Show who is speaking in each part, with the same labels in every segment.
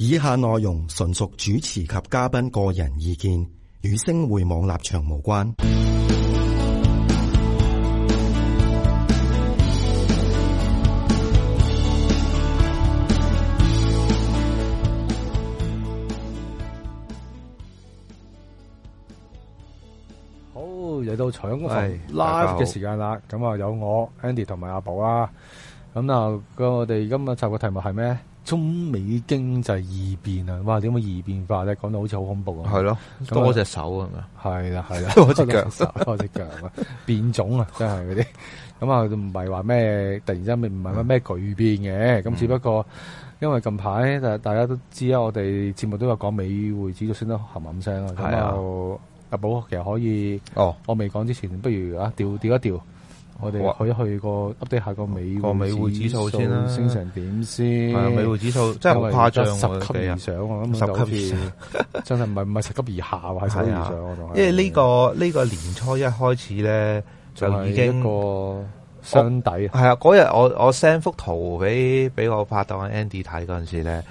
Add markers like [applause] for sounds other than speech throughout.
Speaker 1: 以下內容純屬主持及嘉賓個人意見，與星匯網立場無關。
Speaker 2: 好，嚟到搶個 live 嘅時間啦，咁啊、哎、好有我 Andy 同埋阿寶啦，咁嗱，咁我哋今日集嘅題目係咩？中美經濟異變啊！哇，點解異變化咧？講到好似好恐怖啊！係咯了，多隻就手係咪？係啦，係啦，多隻腳，多隻 [laughs] 腳啊！變種啊，真係嗰啲咁啊，唔係話咩？突然之間唔係乜咩巨變嘅咁，咁只不過、嗯、因為近排大家大家都知啊，我哋節目都有講美匯指數升得冚冚聲啊，咁就阿寶的其實可以哦。我未講之前，不如啊調調一調。我哋去一去個 update 下個美匯指數先啦，升成點先？美匯指數即，啊，美匯指數真係好誇張，十級以上啊！咁啊，好似真係唔係唔係十級以下，係十級以上，
Speaker 1: 因為呢、這個呢、這個年初一開始咧，就已經相對係啊！嗰日我我 send 幅圖俾俾我拍檔 Andy 睇嗰陣時咧，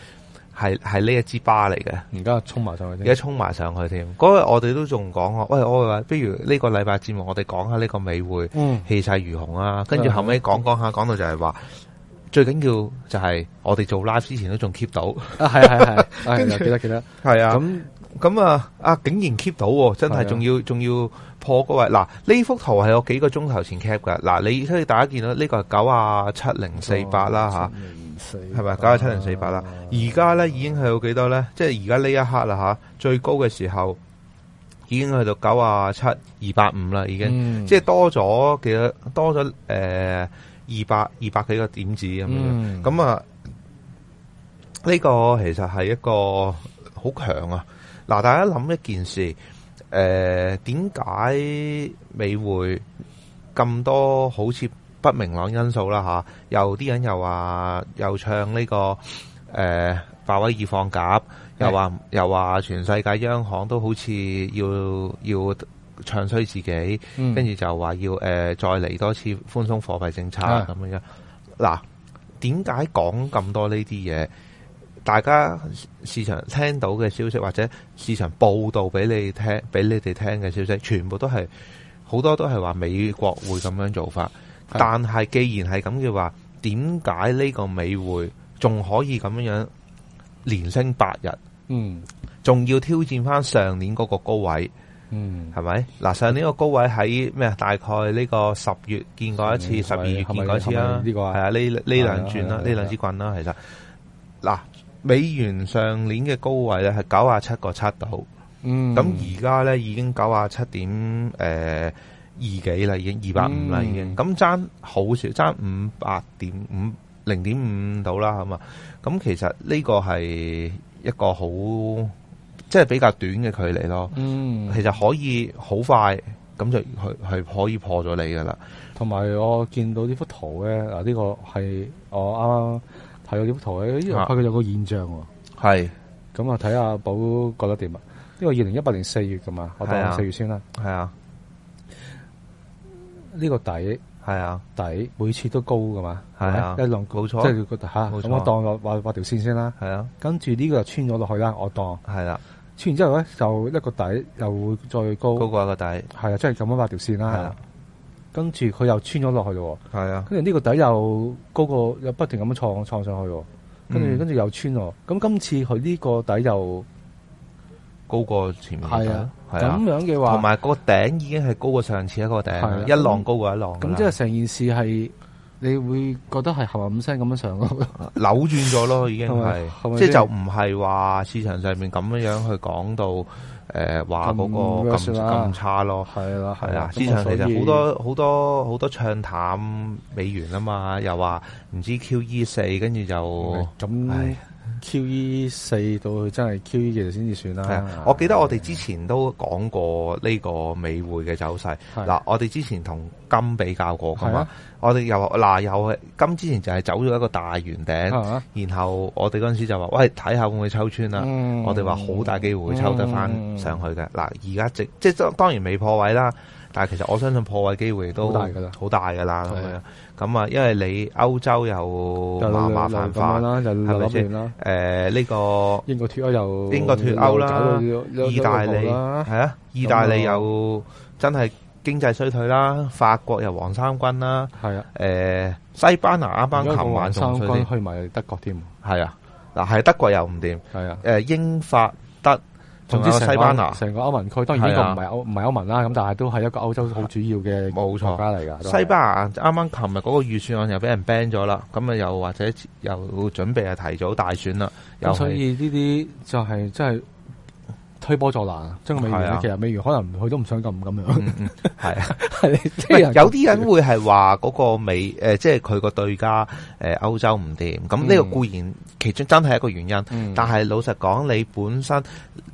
Speaker 1: 係係呢一支巴嚟嘅，而家沖埋上去，而家沖埋上去添。嗰日我哋都仲講話，喂，喂比我話不如呢個禮拜節目，我哋講下呢個美匯氣勢如虹啊！跟住、嗯、後尾講講下，講、嗯、到就係話，嗯、最緊要就係我哋做 live 之前都仲 keep 到啊！係啊係啊係、啊啊，記得記得係啊！咁咁那啊啊！竟然 keep 到，真係仲要仲、啊、要破嗰位嗱，呢、啊、幅圖係我幾個鐘頭前 cap 噶嗱，你所以大家見到呢、這個係九、哦、啊七零四八啦吓。係咪九啊七零四八啦？而家咧已經去到幾多咧？即係而家呢一刻啦吓，最高嘅時候已經去到九啊七二百五啦，已經，嗯、即係多咗嘅多咗、呃、200, 200多咗誒二百二百幾個點子咁、嗯、樣。咁啊，呢、這個其實係一個好強啊！嗱，大家諗一件事，誒、呃，點解美匯咁多好似？不明朗因素啦，吓又啲人又話又唱呢、這個誒，鮑、呃、威爾放鴿，又話的又話，全世界央行都好似要要唱衰自己，跟住、嗯、就話要誒、呃、再嚟多次寬鬆貨幣政策咁的樣。嗱，點解講咁多呢啲嘢？大家市場聽到嘅消息，或者市場報道俾你聽，俾你哋聽嘅消息，全部都係好多都係話美國會咁樣做法。但係既然係咁嘅話，點解呢個美匯仲可以咁樣樣連升八日？嗯，仲要挑戰翻上年嗰個高位？嗯，係咪？嗱，上年個高位喺咩啊？大概呢個十月見過一次，十二、嗯、月見過一次啦。呢、這個係啊，呢呢兩轉啦，呢兩支棍啦，其實嗱，美元上年嘅高位咧係九十七個七度，嗯，咁而家咧已經九十七點誒。呃二幾啦，已經二百五啦，已經咁爭好少，爭五百點五零點五度啦，咁咁其實呢個係一個好即係比較短嘅距離咯。嗯，其實可以好快
Speaker 2: 咁就去去可以破咗你噶啦。同埋我見到呢幅圖咧，嗱、這、呢個係我啱啱睇到呢幅圖咧，呢度睇到有一個現象喎。係咁是、這個、啊，睇下寶覺得點啊？呢個二零一八年四月噶嘛，我當四月先啦。係啊。呢個底係啊，底每次都高嘅嘛，係啊，一浪冇錯，即係佢覺得嚇，咁我當落畫畫條線先啦。係啊，跟住呢個就穿咗落去啦，我當係啦。穿完之後咧，就一個底又會再高高過一個底，係啊，即係咁樣畫條線啦。係啊，跟住佢又穿咗落去嘅喎。係啊，跟住呢個底又高過又不停咁樣創創上去，跟住跟住又穿喎。咁今次佢呢個底又
Speaker 1: 高過前面嘅係啊。咁樣嘅話，同埋個頂已經係高過上次一個頂，一浪高過一浪。咁即
Speaker 2: 係成件事係你會覺得係後後五聲咁樣上咯，扭轉咗咯，已經係，即係就唔
Speaker 1: 係話市場上面咁樣樣去講到誒，話嗰個咁咁差咯，係啦，係啦，市場其實好多好多好多唱淡美元啊嘛，又話
Speaker 2: 唔知 QE 四，跟住就咁。Q E 四到真係 Q E 其實先至算啦、啊。係啊，我
Speaker 1: 記得我哋之前都講過呢個美匯嘅走勢。嗱、啊，我哋之前同金比較過，係嘛啊我哋又嗱，又金之前就係走咗一個大圓頂，啊、然後我哋嗰陣時就話，喂，睇下會唔會抽穿啦、啊？嗯、我哋話好大機會,會抽得翻上去嘅。嗱，而家即即當當然未破位啦，但係其實我相信破位機會都好大噶啦。咁啊，因為你歐洲又麻麻煩煩啦，係咪先？誒呢個英國脱歐又英國脱歐啦，意大利係啊，意大利又真係經濟衰退啦，法國又黃衫軍啦，係啊，誒西班牙啱啱琴晚仲衰添，去
Speaker 2: 埋德國添，係啊，
Speaker 1: 嗱係德國又唔掂，係啊，誒英
Speaker 2: 法德。總之西班牙，成個歐盟區，當然呢個唔係歐唔係是、啊、歐盟啦，咁但係都係一個歐洲好主要嘅國家嚟噶。西
Speaker 1: 班牙啱啱琴日嗰個預算案又俾人 ban 咗啦，咁啊又或者又準備係提早大選啦。咁所以呢啲就係真係，
Speaker 2: 就是推波助瀾，即係美元。是啊、其實美元可能佢都唔想咁咁樣，係、嗯嗯、啊係。 [laughs]
Speaker 1: 有啲人,人會係話嗰個美誒、呃，即係佢個對家誒，歐、呃、洲唔掂。咁呢個固然、嗯、其中真係一個原因，嗯、但係老實講，你本身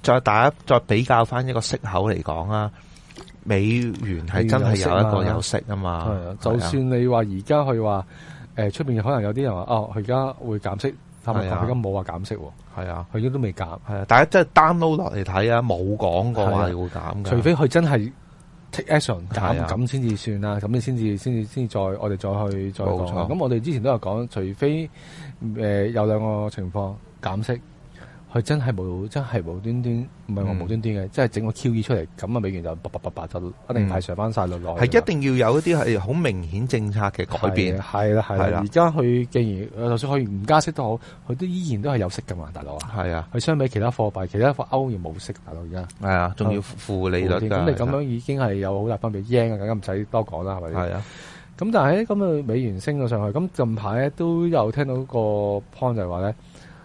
Speaker 1: 再大家再比較翻一個息口嚟講啊，美元係真係有一個有息啊嘛。就算
Speaker 2: 你話而家佢話誒，出、呃、邊可能有啲人話哦，佢而家會減息。係啊，佢都冇話減息喎。係啊，佢而家都未減。係啊，大
Speaker 1: 家即係 download 落嚟睇啊，冇講過話係會減嘅、啊。除非佢
Speaker 2: 真係 take action 減、啊，咁先至算啦，咁你先至先至先至再我哋再去再講。咁、啊、我哋之前都有講，除非誒、呃、有兩個情況減息。佢真係冇，真係無端端，唔係話無端端嘅，嗯、即係整個 QE 出嚟，咁啊美元就百百百百就一定派上翻晒。落落係一定要有一啲係好明顯政策嘅改變。係啦，係啦。而家佢既然就算可以唔加息都好，佢都依然都係有息噶嘛，大佬啊。係啊的，佢相比其他貨幣，其他貨歐元冇息，大佬而家。係啊，仲要負利率。咁你咁錢的樣已經係有好大分別。yen 更加唔使多講啦，係咪？係啊。咁的但係咁啊美元升咗上去，咁近排咧都有聽到個 point 就係話咧。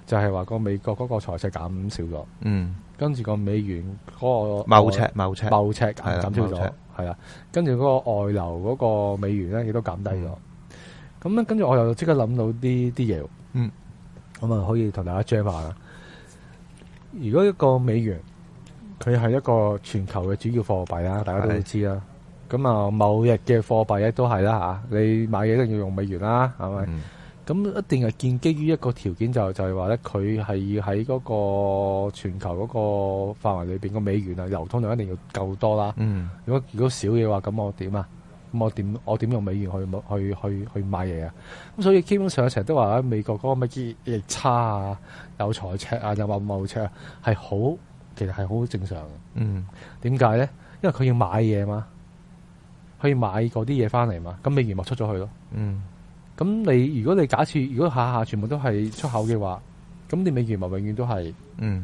Speaker 2: 就係話個美國嗰個財赤減少咗，嗯，跟住個美元嗰個貿赤貿赤貿赤係啦，貿赤係啦，跟住嗰個外流嗰個美元咧，亦都減低咗。咁跟住我又即刻諗到啲啲嘢，嗯，咁啊可以同大家 share 下啦。如果一個美元，佢係一個全球嘅主要貨幣啦，大家都會知啦。咁啊，某日嘅貨幣咧都係啦吓，你買嘢一定要用美元啦，係咪？咁一定係建基於一個條件，就、就係話咧，佢係要喺嗰個全球嗰個範圍裏面個美元啊流通量一定要夠多啦。嗯，如果如果少嘅話，咁我點啊？咁我點我點用美元去去去去買嘢啊？咁所以基本上成日都話喺美國嗰個咩差啊、有財赤啊、又貿貿赤啊，係好、啊、其實係好正常嘅。嗯，點解咧？因為佢要買嘢嘛，佢要買嗰啲嘢翻嚟嘛，咁美元咪出咗去咯。嗯。咁你如果你假設如果下下全部都係出口嘅話，咁你美元咪永遠都係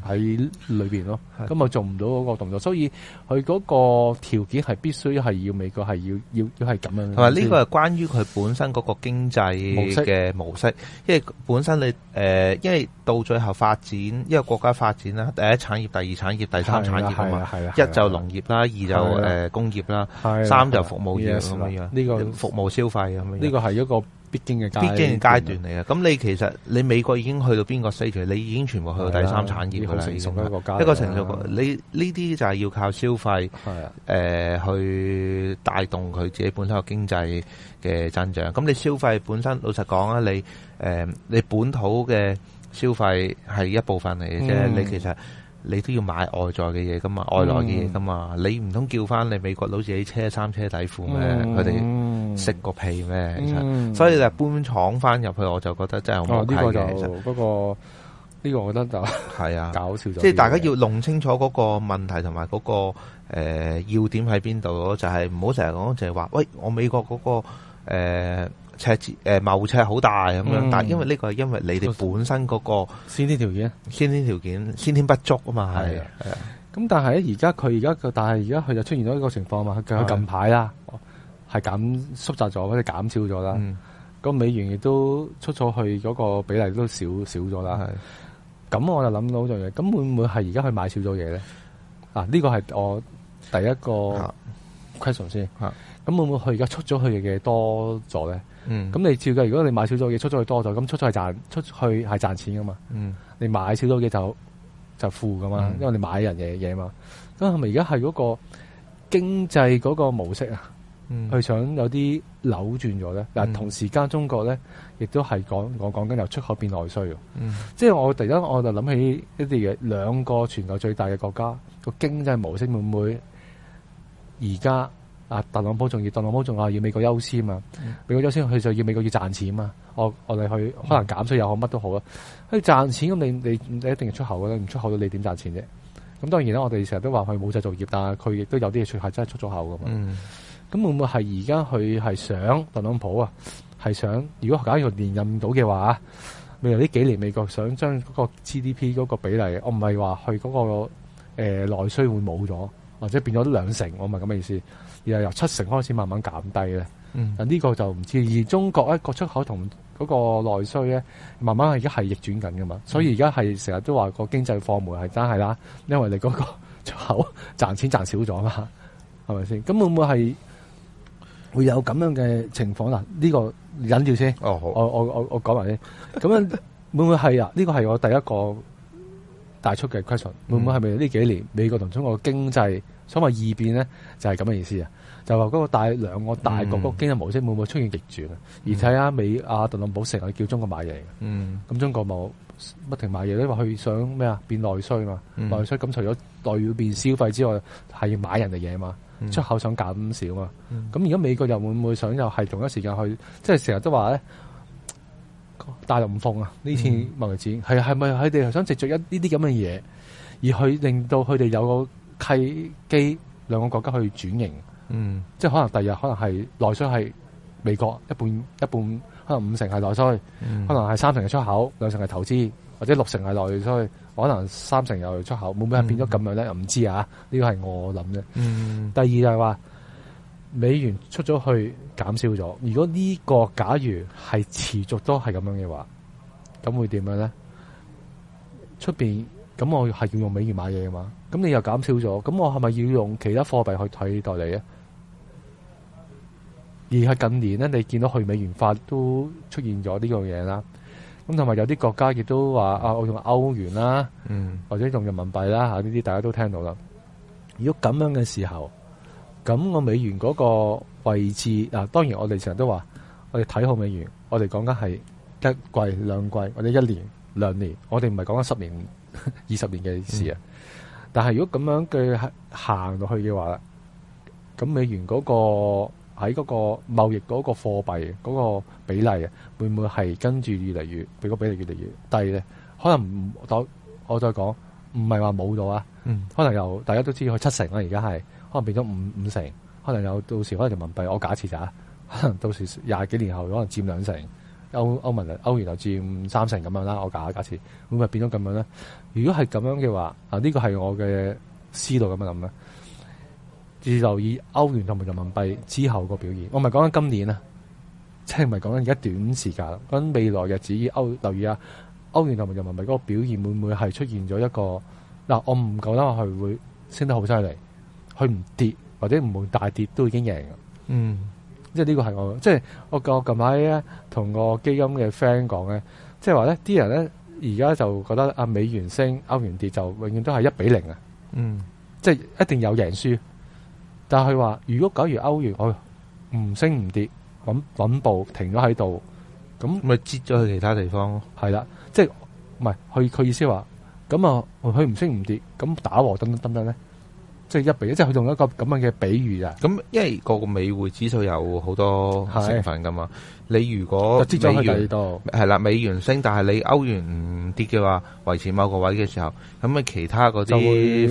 Speaker 2: 喺裏面咯。咁啊做唔到嗰個動作，所以佢嗰個條件係必須係要美國係要要要係咁樣。同埋呢個係
Speaker 1: 關於佢本身嗰個經濟模式嘅模式，因為本身你誒，因為到最後發展一個國家發展啦，第一產業、第二產業、第三產業啊，一就農業啦，二就誒工業啦，三就服務業咁樣，呢個服務消費咁樣。呢個係一個。必經嘅階段嚟啊！咁你其實你美國已經去到邊個階段？你已經全部去到第三產業去啦，啊、已經啦。一個成熟國、啊、你呢啲就係要靠消費誒、啊呃、去帶動佢自己本身個經濟嘅增長。咁你消費本身，老實講啊，你誒、呃、你本土嘅消費係一部分嚟嘅啫。嗯、你其實～你都要買外在嘅嘢噶嘛，外來嘅嘢噶嘛。嗯、你唔通叫翻你美國佬自己車衫車底褲咩？佢哋食個屁咩？其實、嗯，所以就搬廠翻入去，我就覺得真係好唔 OK 嘅。不
Speaker 2: 過呢個我覺得就係啊搞笑咗，即係大家
Speaker 1: 要弄清楚嗰個問題同埋嗰個、呃、要點喺邊度咯，就係唔好成日講就係話，喂，我美國嗰、嗰個、呃赤字誒，貿易赤好大咁
Speaker 2: 樣，嗯、但係因為呢個係因為你哋本身嗰個先天，嗯嗯、先天條件，先天條件先天不足啊嘛，係啊，咁、啊、但係而家佢而家但係而家佢就出現咗呢個情況嘛，佢近排啦係減縮窄咗或者減少咗啦，個、嗯、美元亦都出咗去嗰個比例都少少咗啦，咁、啊啊、我就諗到一樣嘢，咁會唔會係而家佢買少咗嘢咧？啊，呢、呢個係我第一個 question 先，咁、啊啊、會唔會佢而家出咗去嘅嘢多咗咧？嗯，咁你照計，如果你買少咗嘢，出咗去多咗，咁出咗去賺，出去係賺錢噶嘛？嗯，你買少咗嘢就就負噶嘛，嗯、因為你買人嘢嘢嘛。咁係咪而家係嗰個經濟嗰個模式啊？嗯、去想有啲扭轉咗咧。嗱、嗯，同時間中國咧，亦都係講我講緊由出口變內需。嗯、即係我突然間我就諗起一啲嘢，兩個全球最大嘅國家、個經濟模式會唔會而家？啊，特朗普仲要，特朗普仲話要美國優先啊嘛，嗯、美國優先，佢就要美國要賺錢啊嘛。我我哋去可能減稅又好，乜都好啦。佢賺錢咁，你你一定係出口嘅，唔出口你點賺錢啫？咁當然啦，我哋成日都話佢冇製造業，但係佢亦都有啲嘢出係真係出咗口噶嘛。咁、嗯、會唔會係而家佢係想特朗普啊？係想如果假如佢連任到嘅話，未來呢幾年美國想將嗰個 GDP 嗰個比例，我唔係話佢嗰個、呃、內需會冇咗，或者變咗兩成，我唔係咁嘅意思。又由七成開始慢慢減低咧，啊呢、嗯、個就唔知。而中國一個，個出口同嗰個內需咧，慢慢係一係係逆轉緊噶嘛。所以而家係成日都話個經濟放緩係真係啦，因為你嗰個出口賺錢賺少咗啊嘛，係咪、這個、先？咁會唔會係會有咁樣嘅情況嗱，呢個忍住先。哦，好。我我我我講埋先。咁樣會唔會係啊？呢 [laughs] 個係我第一個大促嘅 question。會唔會係咪呢幾年美國同中國經濟？所以二異變咧就係咁嘅意思啊，就話、是、嗰個大兩個大國嗰經濟模式會唔會出現逆轉啊？嗯、而睇下美阿特朗普成日叫中國買嘢，嗯、咁中國冇不停買嘢，因為佢想咩啊？變內需嘛，內需咁除咗代表變消費之外，係要買人哋嘢嘛，嗯、出口想減少嘛。咁而家美國又會唔會想又係同一時間去，即係成日都話咧大入唔風啊？呢次問易戰係咪佢哋想直著一呢啲咁嘅嘢，而去令到佢哋有個？契機，兩個國家去轉型，嗯，即係可能第日可能係內需係美國一半一半，可能五成係內需，嗯、可能係三成嘅出口，兩成係投資，或者六成係內需，可能三成又出口，會唔會係變咗咁樣咧？唔、嗯、知道啊，呢個係我諗嘅。嗯，第二就係話美元出咗去減少咗，如果呢個假如係持續都係咁樣嘅話，咁會點樣咧？出面？咁我係要用美元買嘢嘛，咁你又減少咗，咁我係咪要用其他貨幣去替代你咧？而喺近年咧，你見到去美元化都出現咗呢樣嘢啦。咁同埋有啲國家亦都話啊，我用歐元啦，嗯、或者用人民幣啦，吓呢啲大家都聽到啦。如果咁樣嘅時候，咁我美元嗰個位置啊，當然我哋成日都話我哋睇好美元，我哋講緊係一季、兩季或者一年、兩年，我哋唔係講緊十年。二十 [laughs] 年嘅事啊！但係如果咁樣嘅行落去嘅話啦，咁美元嗰個喺嗰個貿易嗰個貨幣嗰個比例啊，會唔會係跟住越嚟越俾個比例越嚟越低咧？可能唔我再講，唔係話冇咗啊，嗯、可能又大家都知佢七成啦，而家係可能變咗五五成，可能有到時可能人民幣，我假設可能到時廿幾年後可能占兩成。歐歐盟歐元就佔三成咁樣啦，我假假設，咁會唔會變咗咁樣呢？如果係咁樣嘅話，呢個係我嘅思路咁樣諗咧。注意留意歐元同埋人民幣之後個表現。我咪講緊今年啊，即係唔係講緊而家短時間啦，講未來日子，歐留意啊，歐元同埋人民幣嗰個表現會唔會係出現咗一個、啊、我唔夠膽話，佢會升得好犀利，佢唔跌或者唔會大跌都已經贏。嗯即係呢個係我，即係我個近排咧同個基金嘅 friend 講咧，即係話咧啲人咧而家就覺得啊美元升歐元跌就永遠都係一比零啊，嗯，即係一定有贏輸。但係佢話如果假如歐元我唔升唔跌咁穩步停咗喺度，咁咪接咗去其他地方咯。係啦，即係唔係？佢佢意思話咁啊，佢唔升唔跌，咁打和得唔得咧？即係一比一，即係佢用一個咁樣嘅比喻啊。咁因
Speaker 1: 為個美匯指數有好多成分㗎嘛，是的 你如果跌咗去度，係啦，美元升，但係你歐元跌嘅話，維持某個位嘅時候，咁啊，其他啲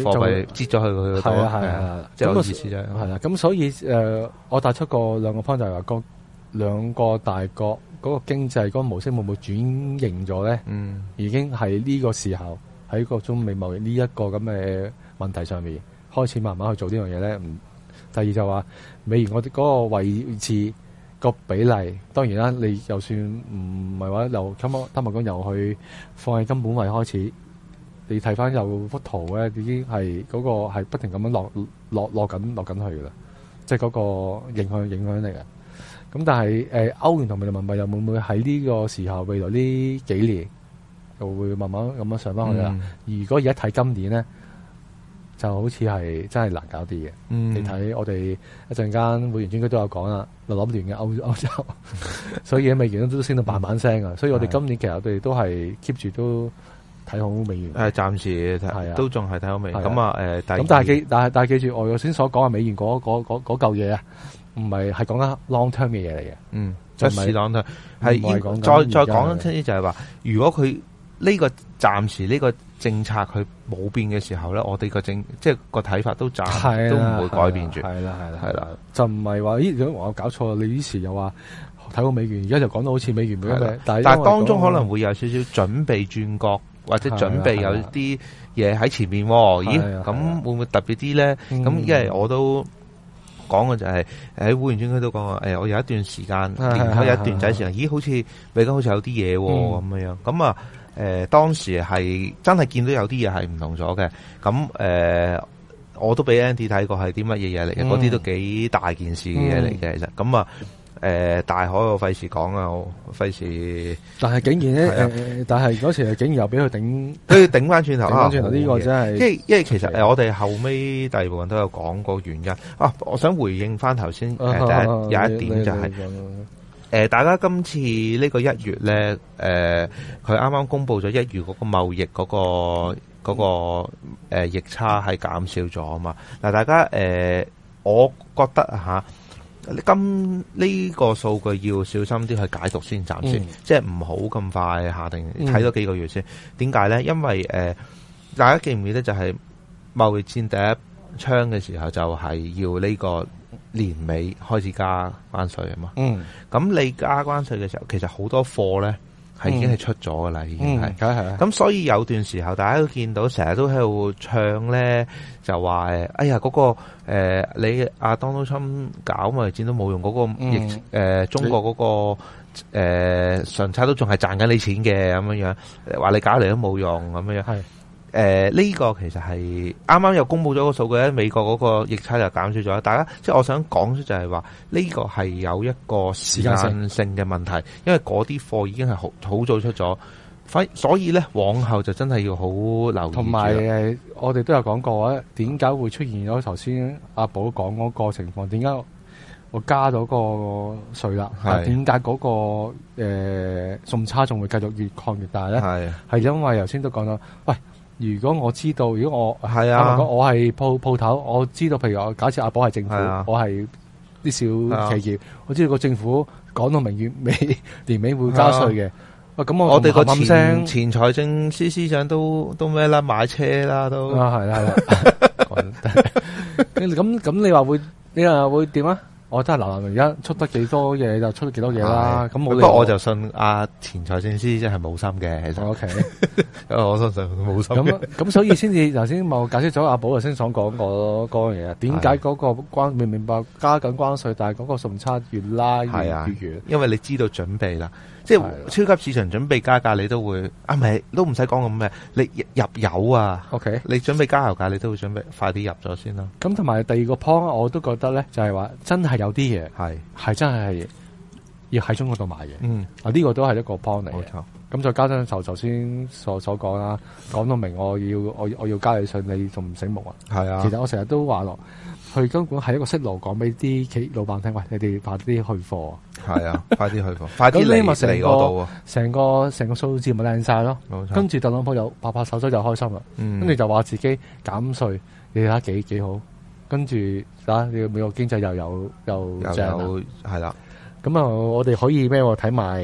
Speaker 1: 貨幣跌咗去佢係啊係啊，係咁意思係
Speaker 2: 啦我，咁所以誒、呃，我帶出個兩個 point 就係、是、話，兩個大國嗰個經濟嗰個模式會唔會轉型咗咧？嗯，已經係呢個時候喺個中美貿易呢一個咁嘅問題上面。開始慢慢去做呢樣嘢咧，唔第二就話美元我哋嗰個位置個比例，當然啦，你就算唔係話由金物咁物股由去放喺金本位開始，你睇翻又幅圖咧，已經係嗰、那個係不停咁樣落落落緊落緊去嘅啦，即係嗰個影響影響嚟嘅。咁但係誒、呃、歐元同人民幣又會唔會喺呢個時候未來呢幾年又會慢慢咁樣上翻去啦、嗯、如果而家睇今年咧？就好似係真係難搞啲嘅，你睇我哋一陣間會員專區都有講啦，攞唔完嘅歐洲，所以咧美元都升到嘭嘭聲啊！所以我哋今年其實我哋都係 keep 住都睇好美元，
Speaker 1: 暫時都仲係睇好美元。咁啊誒，咁但係記，
Speaker 2: 但係但係記住我頭先所講嘅美元嗰嗰嚿嘢啊，唔係係講緊 long term 嘅嘢嚟嘅，嗯，一時兩代再再講，即啲
Speaker 1: 就係話，如果佢呢個暫時呢個。政策佢冇變嘅時候咧，我哋個政即係個睇法都暫都唔會改變住。係啦，
Speaker 2: 係啦，係啦，就唔係話咦，有冇搞錯？你以前又話睇過美元，而家就講到好似美元唔得嘅。但當中可能
Speaker 1: 會有少少準備轉角，或者準備有啲嘢喺前面。咦？咁會唔會特別啲咧？咁因為我都講嘅就係喺會員專區都講啊，誒，我有一段時間，有一段仔時間，咦，好似美金好似有啲嘢咁樣。咁啊。誒、呃，當時係真係見到有啲嘢係唔同咗嘅，咁誒、呃，我都俾 Andy 睇過係啲乜嘢嘢嚟嘅，嗰啲、嗯、都幾大件事嘅嘢嚟嘅，其實咁啊，誒、呃，大海我費事講啊，我費事，但係竟然咧，
Speaker 2: 但係嗰時竟然又俾佢頂，佢頂翻轉頭，頂翻轉頭呢個真係，即係因為其實
Speaker 1: 誒，我哋後尾第二部分都有講過原因。啊，我想回應翻頭先，啊啊、第一、啊、有一點就係、是。誒、呃，大家今次呢個一月咧，誒、呃，佢啱啱公布咗一月嗰個貿易嗰、那個嗰、那個誒逆、呃、差係減少咗啊嘛。嗱，大家誒、呃，我覺得吓，今呢、這個數據要小心啲去解讀先，暫時，暫先、嗯，即係唔好咁快下定，睇多幾個月先。點解咧？因為誒、呃，大家記唔記得就係貿易戰第一槍嘅時候，就係要呢、這個，年尾開始加關稅啊嘛，嗯，咁你加關稅嘅時候，其實好多貨呢係已經係出咗㗎喇，已經係，咁來、嗯嗯、所以有段時候，大家都見到成日都喺度唱呢，就話哎呀嗰、那個誒、呃、你阿、啊、Donald Trump 搞貿易戰都冇用，嗰、那個、嗯呃、中國嗰、那個誒順、呃、差都仲係賺緊你錢嘅咁樣樣，話你搞嚟都冇用咁樣樣。誒呢、呃這個其實係啱啱又公布咗個數據咧，美國嗰個逆差就減少咗。大家即係我想講出就係話，呢、這個係有一個時間性嘅問題，因為嗰啲貨已經係好
Speaker 2: 好早出咗，所以呢，往後就真係要好留意。同埋誒，我哋都有講過咧，點解會出現咗頭先阿寶講嗰個情況？點解我加咗個稅啦？點解嗰個誒、呃、送差仲會繼續越擴越大呢？係是 因為頭先都講到，喂！如果我知道，如果我係啊，是是我我係鋪鋪頭，我知道，譬如我假設阿寶係政府，是啊、我係啲小企業，啊、我知道那個政府講到明月尾年尾會加稅嘅。咁、啊啊、我我哋個前
Speaker 1: 前財政司司長都都咩啦？買車啦都啊係啦
Speaker 2: 係啦。咁咁你話會你話會點啊？ [laughs] [laughs] 我真係嗱，而家出得幾多嘢就出得幾多嘢啦。咁不過我
Speaker 1: 就信阿前財政司真係冇心嘅。OK，我相信冇心。咁
Speaker 2: 咁所以先至頭先我解釋咗阿寶，就先想講、嗰個嗰樣嘢。點解嗰個關的明明白加緊關稅，但係嗰個順差越拉越遠？因為你知道準備啦，即係超級市
Speaker 1: 場準備加價，你都會的啊，唔係都唔使講咁咩？你入油啊？OK，你準備加油價，你都會準備快啲入
Speaker 2: 咗先啦。咁同埋第二個 point 我都覺得咧，就係、是、話真有啲嘢係係真係要喺中國度買嘅，嗯，啊呢個都係一個幫嚟，冇錯。咁再加上，就頭先所所講啦，講到明我要我我要加你信，你仲唔醒目啊？係啊，其實我成日都話咯，佢根本係一個色路講俾啲企業老闆聽，喂，你哋快啲去貨，係啊， [laughs] 快啲去貨，快啲離嚟嗰度，成個成個，個數字咪靚晒咯，冇錯，跟住特朗普又拍拍手，手就開心啦，嗯、跟住就話自己減稅，你睇下幾幾好。跟住，吓，你美國經濟又有又又有係啦，咁啊，我哋可以咩？睇埋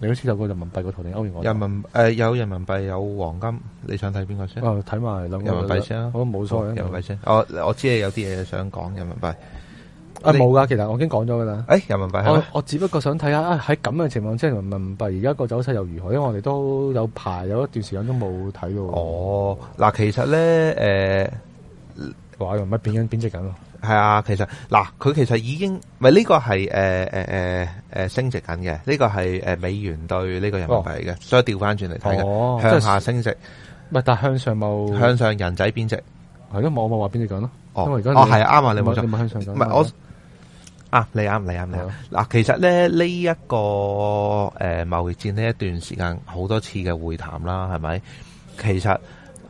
Speaker 2: 美國先有個人民幣
Speaker 1: 個圖定歐元，人民誒、呃、有人民幣有黃金，你想睇邊個先？哦，睇埋兩個人，人民幣先啦，啊，好冇錯，好嗯、人民幣先。哦，我知係有啲嘢想講人民幣，啊冇㗎，
Speaker 2: 其實我已經講咗㗎喇。誒、哎，人民幣，我我只不過想睇下啊喺咁嘅情況之下，人民幣而家個走勢又如何？因為我哋都有排有一段時間都冇睇到。哦，嗱、呃，其實咧，
Speaker 1: 誒、呃。話用乜變緊貶值緊咯？係啊，其實嗱，佢其實已經咪呢個係誒誒誒誒升值緊嘅，呢個係誒美元對呢個人民幣嘅，所以調翻轉嚟睇嘅，向下升
Speaker 2: 值。咪但向上冇向
Speaker 1: 上人仔貶值，係咯我冇話貶值緊咯？哦，因為而家哦係啱啊，你冇向上，唔係我啊，你啱，你啱，你啱。嗱，其實咧呢一個誒貿易戰呢一段時間好多次嘅會談啦，係咪？其實。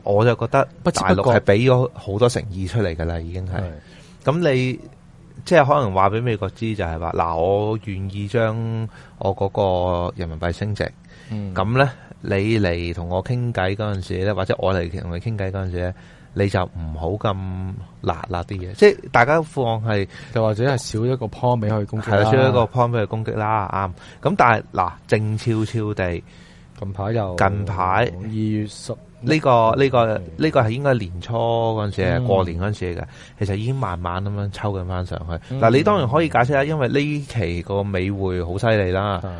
Speaker 1: 我就覺得大陸係俾咗好多誠意出嚟噶啦，已經係。咁是的 你即係可能話俾美國知就係話，嗱，我願意將我嗰個人民幣升值，咁咧、嗯、你嚟同我傾偈嗰陣時咧，或者我嚟同你傾偈嗰陣時咧，你就唔好咁辣辣啲嘢。即係大家放係，又或者係少一個 point 俾佢攻擊，少一個 point 俾佢攻擊啦，啱。咁但係嗱，靜悄悄地，近排來又近排來二月十。呢、這個呢、這個呢、這個係應該年初嗰陣時，嗯、過年嗰陣時嘅，其實已經慢慢咁樣抽緊翻上去。嗱、嗯，但你當然可以解釋下，因為呢期個美匯好犀利啦，嗯、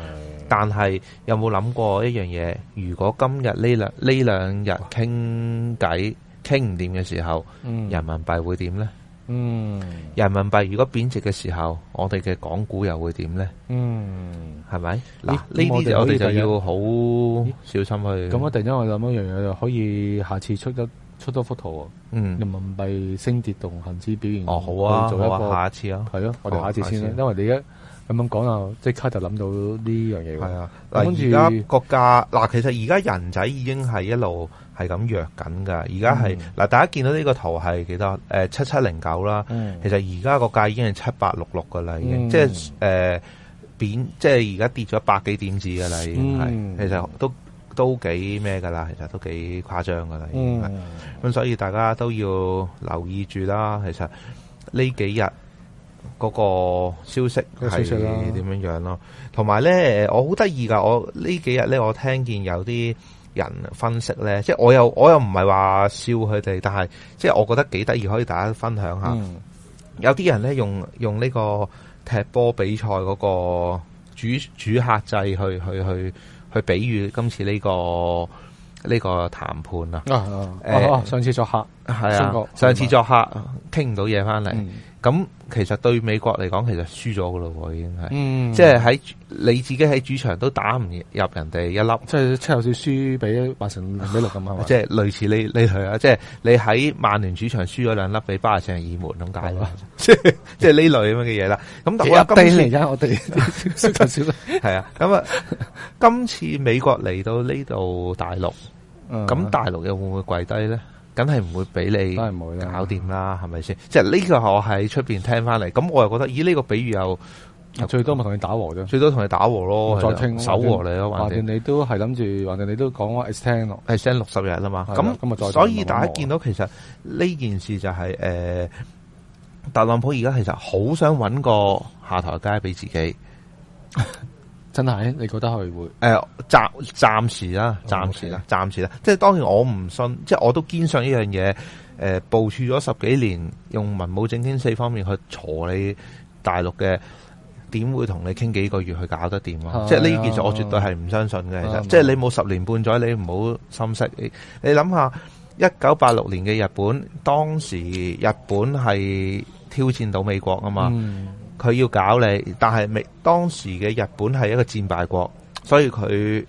Speaker 1: 但係有冇諗過一樣嘢？如果今日呢兩呢兩日傾偈傾唔掂嘅時候，嗯、人民幣會點呢？嗯，人民幣如果貶值嘅時候，我哋嘅港股又會點咧？嗯，係咪？嗱，呢啲我哋就要好小心去。咁我
Speaker 2: 突然間我諗一樣嘢，就可以下次出得出多幅圖。嗯，人民幣升跌同恒指表現。哦，好啊，做一個下一次啊。係咯，我哋下一次先啦。因為你而家咁樣講啊，即刻就諗到呢樣嘢。係啊，跟住而家
Speaker 1: 國家嗱，其實而家人仔已經係一路。係咁弱緊㗎，而家係嗱，嗯、大家見到呢個圖係幾多？誒七七零九啦，其實而家個價已經係七八六六㗎啦，已經即係誒，貶即係而家跌咗百幾點子㗎啦，已經係其實都都幾咩㗎啦，其實都幾誇張㗎啦，已經咁，所以大家都要留意住啦。其實呢幾日嗰個消息係點樣樣咯？同埋咧，我好得意㗎，我呢幾日咧，我聽見有啲。人分析咧，即係我又我又唔係話笑佢哋，但係即係我覺得幾得意，可以大家分享下。嗯、有啲人咧用用呢個踢波比賽嗰個主主客制去去去去比喻今次呢個呢個談判啊。誒、啊，上次作客係啊，上次作客傾唔到嘢翻嚟，咁、嗯。其實對美國嚟講，其實輸咗噶咯，已經係，即係喺你自己喺主場都打唔入人哋一粒，即係有少少輸俾八成五比六咁啊，即係類似你你去啊，即係你喺曼聯主場輸咗兩粒俾八成二門，咁解。即係即係呢類咁樣嘅嘢啦。咁但係我今次我哋少少係啊，咁啊，今次美國嚟到呢度大陸，咁大陸又會唔會跪低咧？梗係唔會俾你搞掂啦，係咪先？即係呢個我喺出邊聽翻嚟，咁我又覺得，咦？呢、這個比
Speaker 2: 喻又最多咪同你打和啫，最多同你打和咯，再聽守和你咯，或者你都係諗住，或者你都講我 extend 六十日啦嘛。咁咁啊，所以大家見到其實
Speaker 1: 呢件事就係、是、誒、呃，特朗普而家其實好想揾個下台階俾自己、嗯。真係，你覺得佢會？誒暫暫時啦，暫時啦，暫、oh, okay. 時啦。即係當然我唔信，即係我都堅信呢樣嘢。誒、呃，部署咗十幾年，用文武政經四方面去鋤你大陸嘅，點會同你傾幾個月去搞得掂啊？Oh, 即係呢件事，我絕對係唔相信嘅。其實，oh, oh. 即係你冇十年半載，你唔好心息。你諗諗下，一九八六年嘅日本，當時日本係挑戰到美國啊嘛。嗯佢要搞你，但係未當時嘅日本係一個戰敗國，所以佢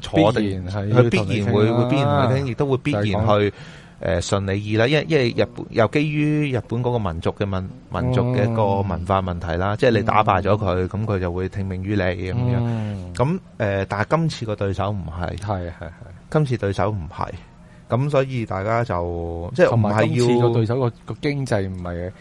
Speaker 2: 坐定，佢必，必然會、啊、會必然會聽，亦都會必然去
Speaker 1: 誒、呃、順你意啦。因為因為日本又基於日本嗰個民族嘅民民族嘅一個文化問題啦，嗯、即係你打敗咗佢，咁佢、嗯、就會聽命於你咁樣。咁誒、嗯呃，但係今次個對手唔係，係係係，今次對手唔係，咁所以大家就即係同埋今次個對手個個經濟唔係。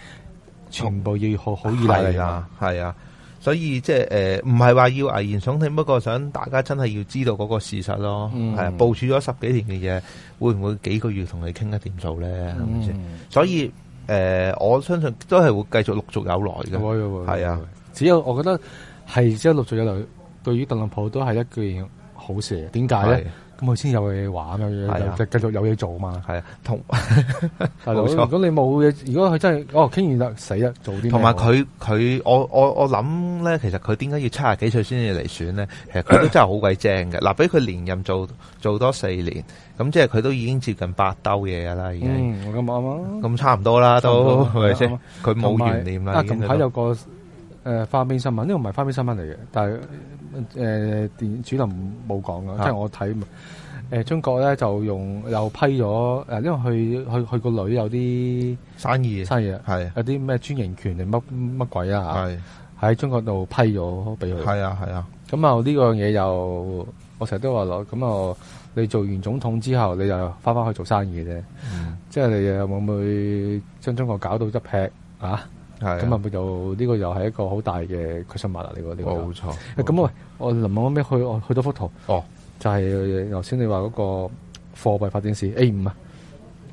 Speaker 1: 全部要好可以嚟啦，係、嗯、啊、啊，所以即係誒，唔係話要危言聳聽，不過想大家真係要知道嗰個事實咯。係、嗯啊、部署咗十幾年嘅嘢，會唔會幾個月同你傾得掂數咧？係咪先？所以誒、呃，我相信都係會繼續陸續有來嘅。
Speaker 2: 係啊，只有我覺得係即係陸續有來，對於特朗普都係一句好事。點解咧？咁佢先有嘢玩啊，係啊，就繼續有嘢做嘛。係啊，同冇錯。如果你冇嘢，如果佢真係哦，傾完啦，死啦，做啲。同埋佢
Speaker 1: 佢，我我我諗咧，其實佢點解要七十幾歲先至嚟選咧？其實佢都真係好鬼正嘅。嗱，俾佢連任做做多四年，咁即係佢都已經接近八兜嘢噶啦，
Speaker 2: 已經。我咁啱咁差唔多啦，都係咪先？佢冇懸念啦。近排有個。誒、呃、花邊新聞，呢個唔係花邊新聞嚟嘅，但係誒電主任冇講嘅，即係、啊、我睇誒、呃、中國咧就用又批咗誒，因為佢佢佢個女有啲生意生意係、啊、有啲咩專營權定乜乜鬼啊？喺、啊、中國度批咗俾佢。啊啊，咁啊呢樣嘢又我成日都話咯，咁啊你做完總統之後，你又翻返去做生意啫，即係、嗯、你又會唔會將中國搞到一劈啊？咁啊，又呢、這個又係一個好大嘅缺失物啦，呢個呢個冇錯。咁喂錯錯，我臨晚咩去我去到幅圖，哦，就係頭先你話嗰個貨幣發展史 A 五啊。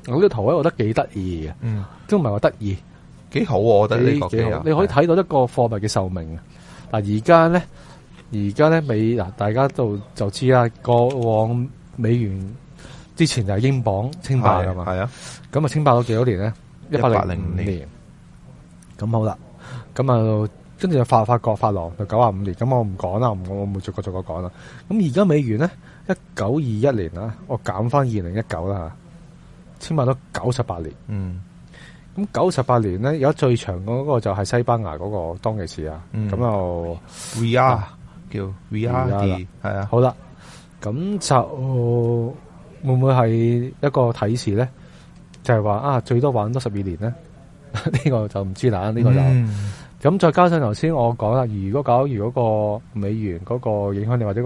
Speaker 2: 我呢個圖咧，我覺得幾得意嘅，嗯，都唔係話得意，幾好啊！我得幾覺得呢個幾好。你可以睇到一個貨幣嘅壽命啊。嗱，而家咧，而家咧美嗱，大家都就知啦。過往美元之前就係英鎊稱霸噶嘛，係啊。咁啊，稱霸咗幾多年咧？一百零五年。咁好啦，咁啊，跟住就法法國、法郎就九啊五年，咁我唔講啦，我唔會逐個逐個講啦。咁而家美元咧，一九二一年啦，我減翻二零一九啦吓，起碼都九十八年。嗯，咁九十八年咧，有最長嗰個就係西班牙嗰個當其時啊。咁就 V R 叫 V R 係啊，好啦，咁就會唔會係一個啟示咧？就係、是、話啊，最多玩多十二年咧？呢 [laughs] 個就唔知啦，呢、這個就咁、嗯、再加上頭先我講啦，如果假如嗰個美元嗰個影響力或者嗰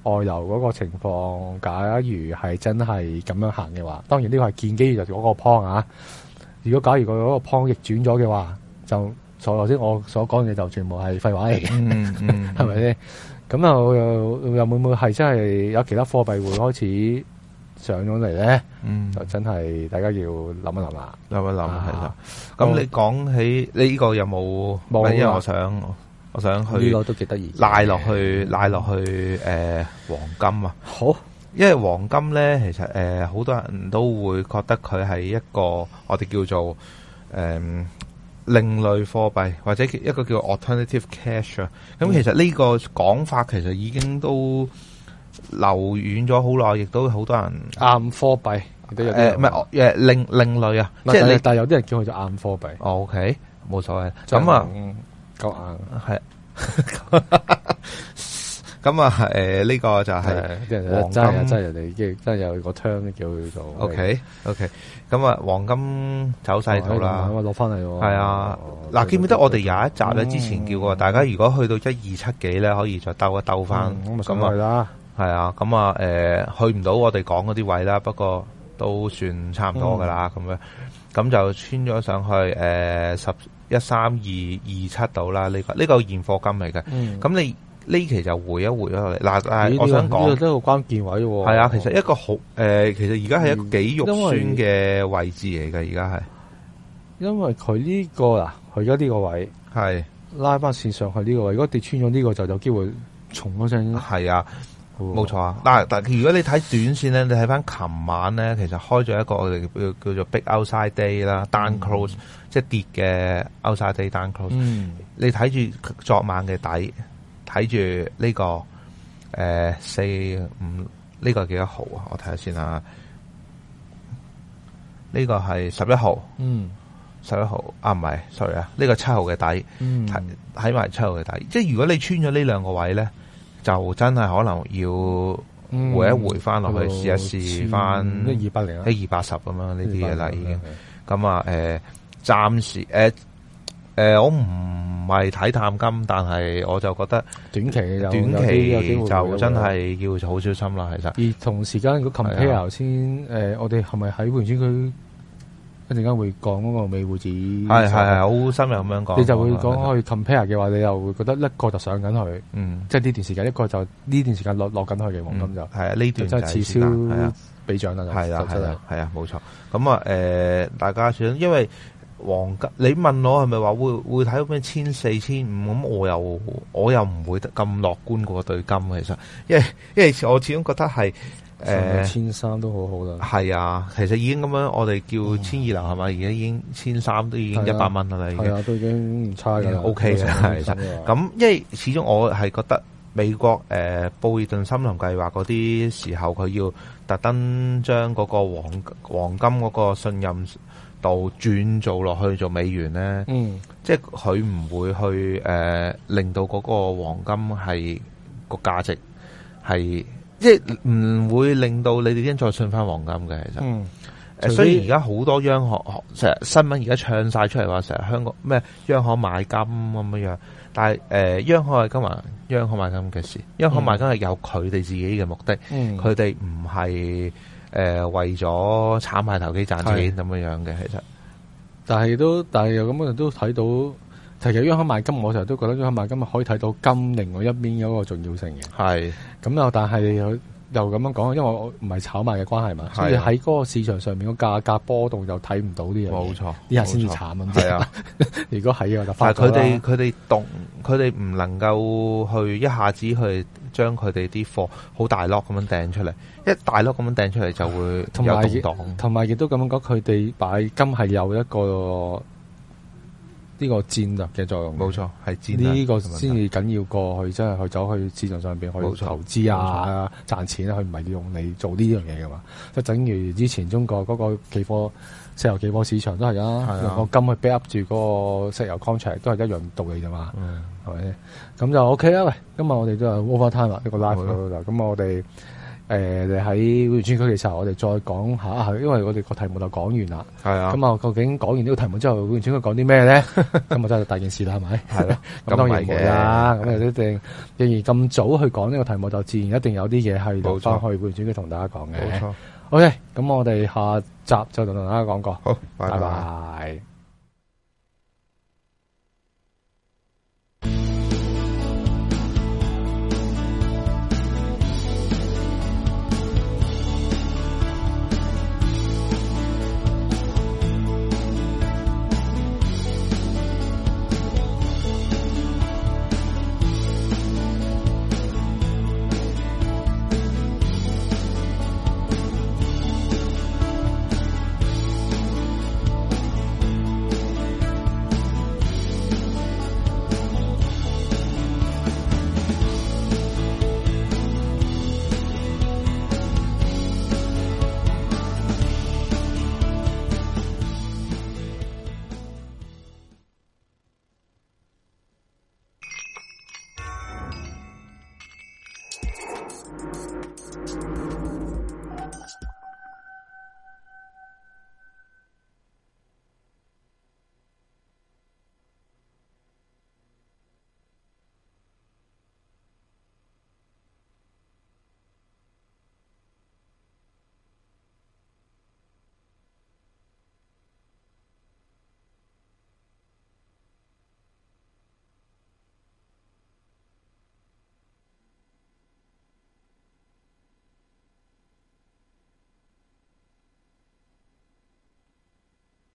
Speaker 2: 個外流嗰個情況，假如係真係咁樣行嘅話，當然呢個係建基就嗰個 point 啊。如果假如佢嗰個 point 逆轉咗嘅話，就所頭先我所講嘅就全部係廢話嚟嘅，係咪先？咁 [laughs] 又又會唔會係真係有其他貨幣會開始？上咗嚟咧，嗯、就真係大家要諗一諗啦，諗、嗯、一諗係啦。咁、啊、你講起、哦、你呢個有冇？冇、啊，因為我
Speaker 1: 想，我想去呢個都幾得意，賴落去，賴落、嗯、去誒、呃，黃金啊！好，因為黃金咧，其實誒，好、呃、多人都會覺得佢係一個我哋叫做誒、呃、另類貨幣，或者一個叫 alternative cash 啊。咁、嗯、其實呢個講法，其實已經都。流遠咗好耐，亦都好多人硬貨幣，誒，唔係，誒，另另類啊，即係，
Speaker 2: 但係有啲人叫佢做硬貨幣。
Speaker 1: O K，冇所謂。咁啊，夠硬係。
Speaker 2: 咁啊，誒，呢個就係，啲人就爭人哋，即係，有個窗叫佢做。O K，O
Speaker 1: K，咁啊，黃金走勢圖啦，咁啊，攞翻嚟。係啊，嗱，記唔記得我哋有一集咧？之前叫過大家，如果去到一二七幾咧，可以再鬥一鬥翻。咁啊，咁咪。係啊，咁啊，誒，去唔到我哋講嗰啲位啦，不過都算差唔多噶啦，咁、嗯、樣，咁就穿咗上去，誒、呃，十一三二二七度啦，呢、這個呢、這個現貨金嚟嘅，咁、嗯、你呢期就回一回咗落嚟。啊啊欸、我想講呢個都係個關鍵位喎、啊，係啊，其實一個好，誒、呃，其實而家係一個幾肉酸嘅位置嚟嘅，而家係，
Speaker 2: 因為佢呢個啦、啊，去咗呢個位係是 拉翻線上去呢個位，如果跌穿咗呢個就有機會重嗰陣，係啊。冇錯
Speaker 1: 啊！但但如果你睇短線咧，你睇翻琴晚咧，其實開咗一個我哋叫叫做 Big Outside Day 啦，Down Close，嗯、即係跌嘅 Outside Day Down Close、嗯。你睇住昨晚嘅底，睇住呢個誒四五呢個係幾多號、這個嗯、啊？我睇下先啊，呢個係十一號。嗯，十一號啊，唔係，sorry 啊，呢個七號嘅底。睇睇埋七號嘅底。即係如果你穿咗呢兩個位咧。就真係可能要
Speaker 2: 回一回翻落去試一試翻一二百零一二
Speaker 1: 八十咁啊，呢啲嘢啦，已經咁啊、嗯、暫時誒、呃呃、我唔係睇探金，但係我就覺得短期就短期就真係要
Speaker 2: 好小心啦，其實而同時間如果琴先誒，我哋係咪喺換轉區？一陣間會講嗰個美匯指，係係係好深入咁樣講。你就會講去 compare 嘅話，對對對，你又會覺得一個就上緊去，嗯，即係呢段時間一個就呢段時間落落緊去嘅黃金，就係啊呢段即係次超畀獎啦，係啦係啦係啊冇錯。咁啊
Speaker 1: 誒，大家想因為黃金，你問我係咪話會會睇到咩千四千五咁，我又我又唔會得咁樂觀個對金其實，因為因為我始終覺得係。誒，千
Speaker 2: 三，呃、都好好啦。
Speaker 1: 係啊，其實已經咁樣，我哋叫千二樓係咪？而家已經千三都已經一百蚊啦，係啊，已經係、啊、都
Speaker 2: 已經唔差嘅，OK 嘅，係、啊。咁、啊、
Speaker 1: 因為始終我係覺得美國誒、呃，布雷頓森林計劃嗰啲時候，佢要特登將嗰個黃黃金嗰個信任度轉做落去做美元咧。嗯，即係佢唔會去誒、呃、令到嗰個黃金係、嗰個價值係。即係唔會令到你哋啲人再信翻黃金嘅，其實。嗯。所以而家好多央行成日新聞而家唱晒出嚟話，成日香港咩央行買金咁樣樣。但係誒，央行係今日央行買金嘅事，央行買金係、呃、有佢哋自己
Speaker 2: 嘅目的，佢哋唔係誒為咗炒賣投機賺錢咁樣樣嘅，的其實。但係都，但係又咁樣都睇到。提起央行賣金，我成日都覺得央行賣金可以睇到金另外一邊有一個重要性嘅。係，咁又但係又咁樣講，因為我唔係炒賣嘅關係嘛。是的 所以喺嗰個市場上面個價格波動又睇唔到啲嘢。冇錯，呢下先至慘咁係啊，錯如果係的我就但係佢哋佢哋
Speaker 1: 同佢哋唔能夠去一下子去將佢哋啲貨好
Speaker 2: 大粒咁樣掟出嚟，一大粒咁樣掟出嚟就會同埋同埋亦都咁樣講，佢哋擺金係有一個。呢個戰略嘅作用，冇錯係戰。呢個先至緊要過去，真係去走去市場上邊去投資啊、賺錢啊，佢唔係用你做呢樣嘢嘅嘛。即係等於之前中國嗰個期貨、石油期貨市場都係啊，係啊個金去 back up 住嗰個石油 contract 都係一樣道理啫嘛，係咪、嗯？咁就 OK 啦。喂，今日我哋都係 over time 啦，呢、這個 live 嗰咁，啊、咁我哋。誒，你喺會員專區，嘅時候，我哋再講下，因為我哋個題目就講完啦。係啊是的、嗯，咁、嗯、啊，究竟講完呢個題目之後，會員專區講啲咩咧？今日真係大件事啦，係咪 [laughs] 的？係啦、嗯，咁唔係啦咁啊，就一定，既然咁早去講呢個題目，就自然一定有啲嘢系度翻去會員專區同大家講嘅。冇錯錯。O K，咁我哋下集就同大家講過。好，拜拜。拜拜。